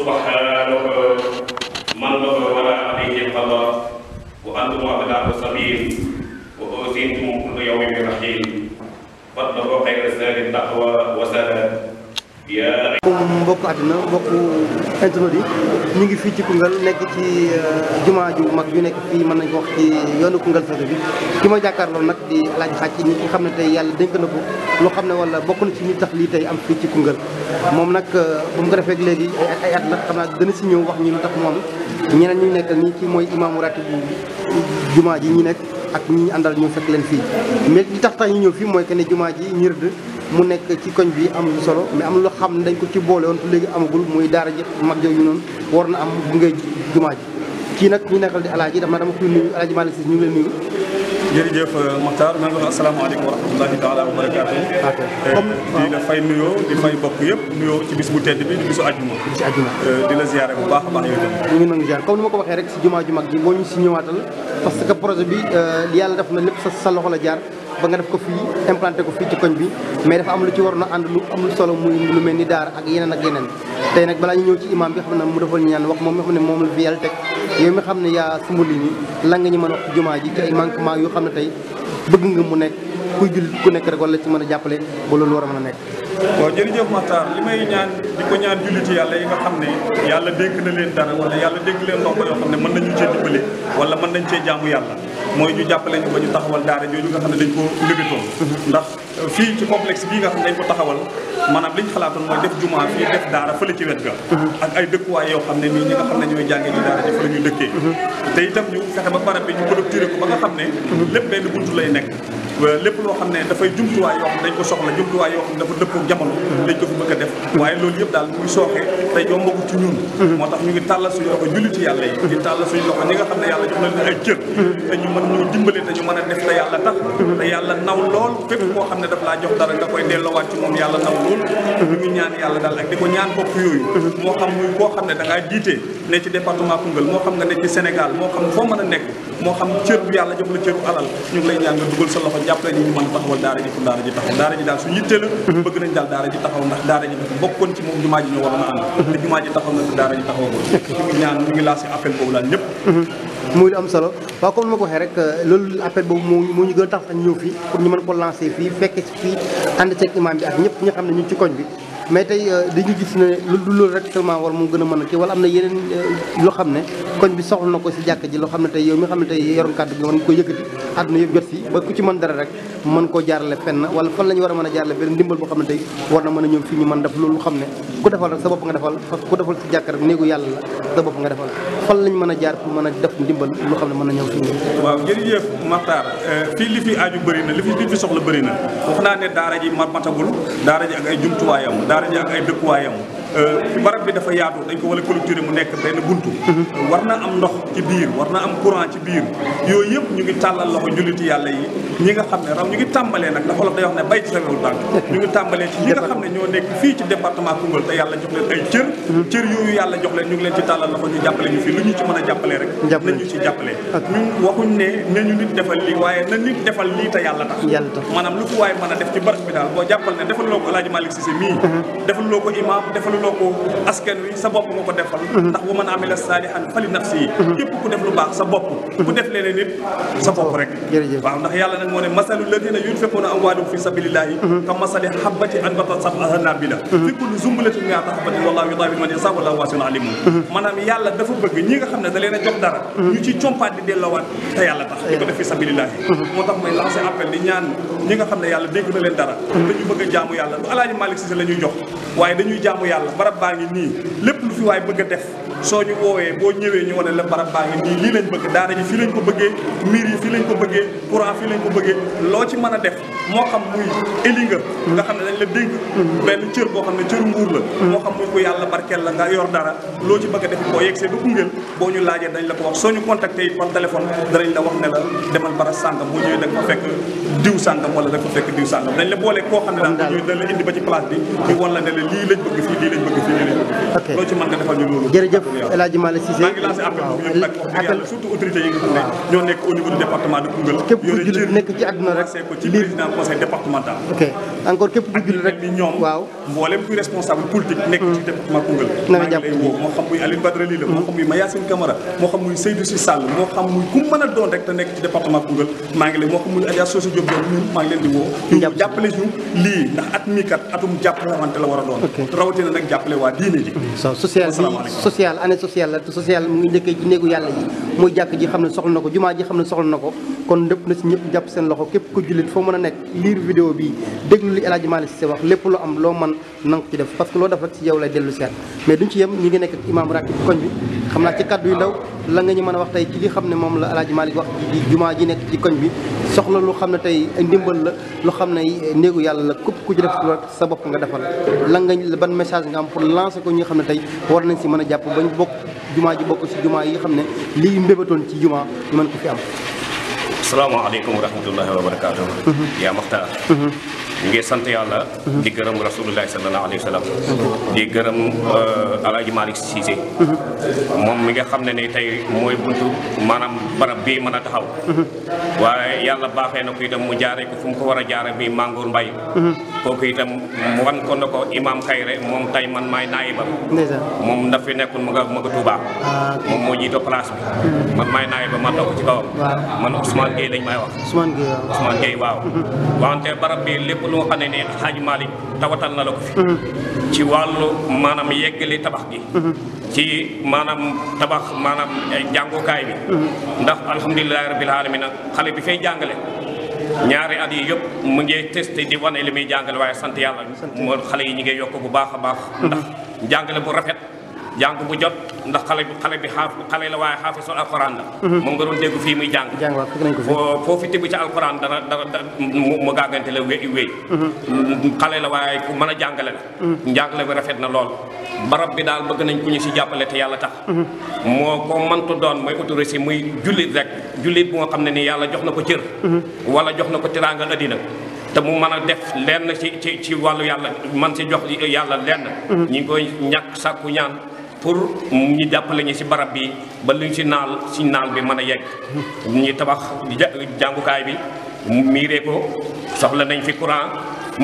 سبحانه من له ولا عليه قضاء وأنتم أبناء سبيل وأوزنتم كل يوم رحيل فاتقوا خير الزاد التقوى وزاد mbokk àddina mbokk internet yi ñu ngi fii ci Koungheul nekk ci euh, jumaa ju mag ju nekk fii mën nañ ko wax ci yoonu Koungheul Socé bi ki ma jàkkaarloo nag di laaj xaaj ci ñi nga xam ne tey yàlla dénk na ko loo xam ne wala bokk na ci ñu tax lii tey am fii ci Koungheul moom nag euh, bu mu ko defee léegi ay at la xam naa dana si ñëw wax ñu lu tax moom ñeneen ñu nekk nii ci mooy imaamu ratib bu jumaa ji ñi nekk ak ñi ñu àndal ñu fekk leen fii mais li tax tax ñu ñëw fii mooy que ne jumaa ji ñird mu nekk ci koñ bi am lu solo mais am lu xam ne dañ ko ci boole woon te léegi amagul muy daara ji mag jooju noonu war na am bu ngay jumaa ji kii nag ñu nekkal di alaaji dama dama koy nuyu alaaji ñu ngi leen nuyu jërëjëf euh, Makhtar man la asalaamaaleykum wa rahmatulahi taala wa barakaatu ah, euh, ah. di la fay nuyoo di fay bokk yëpp nuyoo ci bis bu tedd bi euh, di bisu ajjuma bu baax a baax yow tam ñu ngi nangu ziare ma ko waxee rek si jumaa ju mag ji boo ñu si ñëwaatal parce que projet bi yàlla def na lépp sa loxo la jaar ba nga def ko fii implanté ko fii ci koñ bi mais dafa am lu ci waroon a ànd lu am lu solo muy lu mel ni daar ak yeneen ak yeneen tey nag balaa ñu ñëw ci imam bi xam ne mu defal ñaan wax moom mi xam ne moom la fi yàlla xam ne yaa sumb lii nii lan nga ñu mën a ji ci manquement yoo xam ne tey bëgg nga mu nekk kuy jullit ku nekk rek wala ci mën a jàppale ba loolu war a mën a nekk waaw jërëjëf Makhtar li may ñaan di ko ñaan julliti yàlla yi nga xam ne yàlla dénk na leen dara wala yàlla dénk leen ndox yoo xam ne mën nañu cee dimbale wala mën mooy ñu jàppale ñu ba ñu taxawal daara jooju nga xam ne dañ ko lëbëtoon ndax fii ci complexe bi nga xam ne dañ ko taxawal maanaam liñ xalaatoon mooy def jumaa fii def daara fële ci wet ga ak ay dëkkuwaay yoo xam ne nii ñi nga xam ne ñooy jànge ci daara ji fa la ñuy dëkkee te itam ñu fexe ba barab bi ñu producturé ko ba nga xam ne lépp benn buntu lay nekk Euh, lépp loo xam ne dafay jumtuwaay yoo xam dañ ko soxla jumtuwaay yoo xam ne dafa dëppoo jamono dañ ko fi bëgg a def waaye yëpp daal mu ngi sooxee te yombagu ci ñun mhm. moo tax ñu ngi tàllal suñu loxo julliti yàlla yi di tàllal suñu loxo ñi nga xam ne yàlla jox na ay cër mhm. te ñu mën ñoo dimbali te ñu man a def te yàlla tax mhm. te yàlla naw lool fépp koo xam ne daf laa jox dara nga koy delloowaat ci moom yàlla naw lool ñu ngi ñaan yàlla daal ak di ko ñaan bopp yooyu moo xam muy koo xam ne da ngaa jiitee ne département Koungheul moo xam nga ne ci moo xam foo mën a nekk moo xam cër bu yàlla jox la cëru alal ñu ngi lay ñaan nga dugal sa loxo jàppale ni ñu mën taxawal daara ji pour daara ji taxaw daara ji daal suñu yittee la mhm. bëgg nañ daal daara ji taxaw ndax daara ji dafa bokkoon moom mhm. ñu ngi ñaan ñu appel boobu daal ñëpp mhm. muy lu am solo waaw comme ma ko waxee rek euh, loolu appel boobu moo moo ñu gën a tax sax ñëw fii pour ñu mën ko lancé fii fekke fii ànd ceeg imaam bi ak ñëpp ñi xam ne ñu ci koñ bi mais tey euh, dañu gis ne lu loolu rek seulement war mu gën a mën a kii wala am na yeneen euh, loo xam ne koñ bi soxla na ko si jàkk ji loo xam ne tey yow mi xam ne tey yoroon kàddu gi mën ko yëkkati wala fan la war a a jaarale benn ndimbal boo xam ne tey a ñëw fii ñu mën def loolu xam ne ku defal rek sa bopp nga defal a jaar a def ndimbal loo xam ne na ñëw fii ñu waaw jërëjëf Makhtar euh, fii li fi aaju bëri na li fi soxla bëri na wax naa ne daara ji matagul daara ji ak ay jumtuwaayam daara ji ak ay dëkkuwaayam Euh, barab bi dafa yaatu dañ ko wala clôturer mu nekk benn buntu. war na am ndox ci biir war na am courant ci biir yooyu yëpp ñu ngi tàllal loxo julliti yàlla yi ñu ngi leen ci tàllal loxo ñu jàppale fii lu ñu ci mën a jàppalee rek nañu ci jàppalee ñu waxuñ ne nañu nit defal lii waaye na nit defal lii te yàlla tax maanaam lu fu waaye mën a def ci barab bi daal boo jàppal ne defal loo ko Alaaji Malick Cissé mii mhm. defal loo ko imaam defal defaloo ko askan wi sa bopp nga ko defal mhm. ndax wa man amila saalihan fali nafsi yi mhm. képp ku def lu baax sa bopp mhm. ku def leneen nit sa bopp rek waaw ndax yàlla nag moo ne masalu ladina yunfiquna amwaalahum fi xam ne da leen a jox dara ñu ci compaat di delloowaat te yàlla tax di ko def fi sabilillahi moo tax may lancé appel di ñaan ñi nga xam ne yàlla dégg na leen dara dañu bëgg jaamu yàlla du alaaji Malick Cissé la ñuy jox waaye dañuy jaamu yàlla la barab baa ngi nii lépp lu fi waay bëgg a def soo ñu woowee boo ñëwee ñu wane la barab baa ngi nii lii lañ bëgg daara ji fii lañ ko bëggee miir yi fii lañ ko bëggee courant fii lañ ko bëggee loo ci mën a def moo xam muy éli nga nga xam ne dañ la dénk benn cër boo xam ne cër nguur la moo xam muy ko yàlla barkeel la nga yor dara loo ci bëgg a def boo yegsee ba ñu laajee dañ la ko wax soo ñu contacté yi par da nga fa fekk diw sàngam wala da nga fa fekk diw sàngam dañ la boolee koo xam ne daal ñu dañ la indi ci place bi defal ñu loolu jërëjëf El Hadji Malick Cissé maa appel surtout autorités yi nga ne ñoo nekk au niveau du département de képp ku jullit nekk ci àdduna rek conseil départemental. Okay. encore képp ku julli rek di ñoom waaw mboolem kuy responsable politique nekk ci département Koungheul maa ngi lay woo moo xam ku mën a maa ngi lay moo xam muy Adja Soso Diop doon ñun maa ngi leen jàppale la war a doon rawatina nag jàppale waa diine ji mm-hmm. social bi social année sociale la te social mu ngi njëkkee ci néegu yàlla yi muy jàkk ji xam ne soxla na ko jumaa ji xam ne soxla na ko kon lépp na si ñëpp jàpp seen loxo képp ku jullit foo mën a nekk liir vidéo bi déglu déglu li El Hadj Malick Sy lu loo mën na nga ko ci def parce que loo def rek si xam a wax tey ci li xam ne moom la El Hadj Malick wax ci jumaa xam ne tey ndimbal la lu xam ne néegu yàlla la képp ku ci def sa bopp nga defal la nga ban message nga am pour lancer ko ñi xam ne tey war nañ si mën a jàpp bañ bokk jumaa ji bokk si jumaa yi xam ne lii mbébatoon ci jumaa ñu mën ko fi am asalaamaaleykum wa rahmatullahi wa barakaatu mm-hmm. yaa Maxtaar mm-hmm. ñu ngi sant yàlla di gërëm rasulullahi sallallahu alayhi wa sallam di gërëm euh, alaaji Malick Cissé moom mi nga xam ne ne tey mooy bunt maanaam barab bii mën a taxaw mhm. waaye yàlla baaxee na ko itam mu jaaree ko fu mu ko war a jaare bi màngoor mbay mhm. kooku itam mu wan ko ne ko Imaam Kayre moom tay man maay naayibam moom daf fi nekkul mu nga mu nga Touba ah, moom moo jiite place bi hmm. man maay naayiba ma toog ci man Ousmane Gueye lañ may wax Ousmane Gueye waaw Ousmane Gueye hmm. wante barab bi lépp lu nga xam ne ne Xaaj Malick tawatal na la ko fi hmm. ci wàllu maanaam yeggali tabax gi ci maanaam tabax maanaam eh, jàngukaay bi ndax alhamdulilahi rabbil alamin nag xale bi fay jàngale ñaari at yi yëpp mu ngi testé di wane li muy jàngale waaye sant yàlla moo xale yi ñu ngi yokk bu baax a baax mm-hmm. ndax jàngale bu rafet jàng bu jot ndax xale bi xale bi xaaf xale la waaye xaafisul alquran la mhm. moom nga doon dégg fii muy jàng foofu tibb ci alquran dana mu gàggante la wéy wéy mhm. xale la waaye ku a jàngale la mhm. njàngale bi rafet na lool barab bi daal bëgg nañ ku ñu si jàppale te yàlla tax moo ko mantu doon mooy autorisé muy jullit rek jullit moo nga xam ne nii yàlla jox na ko cër wala jox na ko tiraanga addina te mu man a def lenn ci ci ci wàllu yàlla man si jox yàlla lenn ñi koy ñàkk sàkku ñaan pour ñu jàppale ñu si barab bi ba luñ si naal si naal bi mën a yegg ñu tabax jàngukaay bi miiree ko soxla nañ fi courant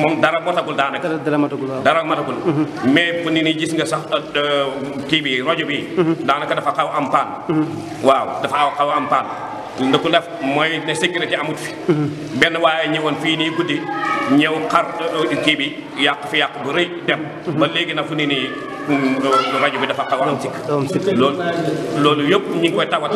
moom dara matagul daanaka. dara matagul waaw dara matagul. Mm-hmm. mais bu ni ni gis nga sax euh, euh, kii bi rajo bi. Mm-hmm. daanaka dafa xaw am paan. Mm-hmm. waaw dafa xaw am paan. lu ko def mooy ne sécurité amut fi. Mhm. benn waaye ñëwoon fii nii guddi ñëw xar euh, kii bi yàq fi yàq bu rëy dem. Mhm. ba léegi na fu ni nii mm, rajo bi dafa xaw a am sikk. loolu loolu ñu ngi koy tawat.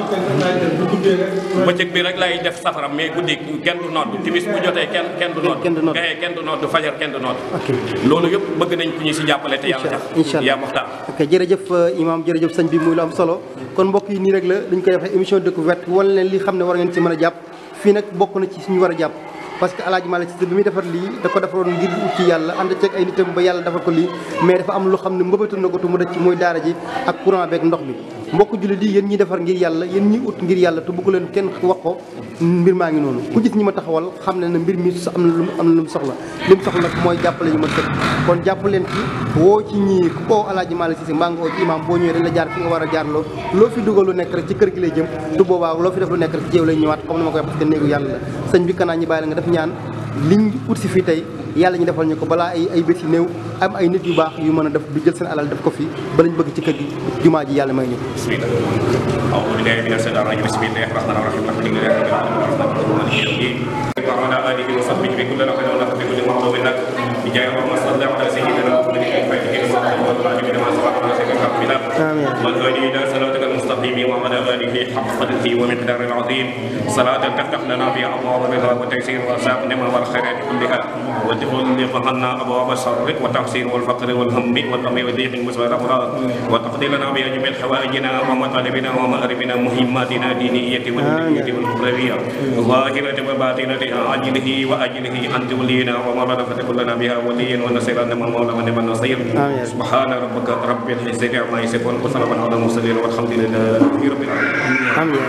bëccëg bi rek lay def safara mais guddi kenn du bu jotee kenn kenn du nodd. kenn du nodd gaye kenn du nodd bëgg nañ ku ñu si jàppale te yàlla tax. incha allah yaa euh, mbokk yi nii rek la dañ koy waxee émission découverte wala leen li xam ne war ngeen ci mën a jàpp fii nag bokk na ci suñu war a jàpp parce que alaaji Malick Cissé bi muy defar lii da ko defaroon ngir ut ci yàlla ànd ceeg ay nitam ba yàlla defar ko lii mais dafa am loo xam ne mbëbatoon na ko tu mu dëcc muy daara ji ak courant beeg ndox bi mbokk jullit yi yéen ñi defar ngir yàlla yéen ñi ut ngir yàlla te bëgg leen kenn wax ko mbir maa ngi noonu ku gis ñi ma taxawal xam ne ne mbir mi am na lu am na mu soxla li mu soxla nag mooy jàppale ñu ma sëkk kon jàpp leen woo ci ñii ku ko alaaji Malick Cissé maa ngi oo ci imaam boo ñëwee dañ la jaar fi nga war a jaar loo loo fi dugal lu nekk rek ci kër gi lay jëm te boobaa loo fi def lu nekk rek ci jéew lay ñëwaat comme na ma koy parce néegu yàlla la sëñ bi kanaa ñi bàyyi la si fii tey yàlla ñu defal ñu ko balaa ay ay bés yu néew am ay nit yu baax yu man a def di jël seen alal def ko fi ba lañ bëgg ci kër gi jumaa ji yàlla may ñu bismillah العظيم وعلى آله حق قدره ومقدار العظيم صلاة تفتح لنا في أبواب الرضا وتيسير وأسابنا والخيرات كلها وتغلق عنا أبواب الشر والتعسير والفقر والهم والغم وضيق والمسوى والأمراض لنا بأجمل حوائجنا ومطالبنا ومآربنا مهماتنا دينية والدنيا والأخروية ظاهرة وباطنة عاجله وأجله أنت ولينا ومولانا فتكن لنا بها وليا ونصيرا من مولى ونعم النصير سبحان ربك رب العزة عما يصفون وسلام على المرسلين والحمد لله رب العالمين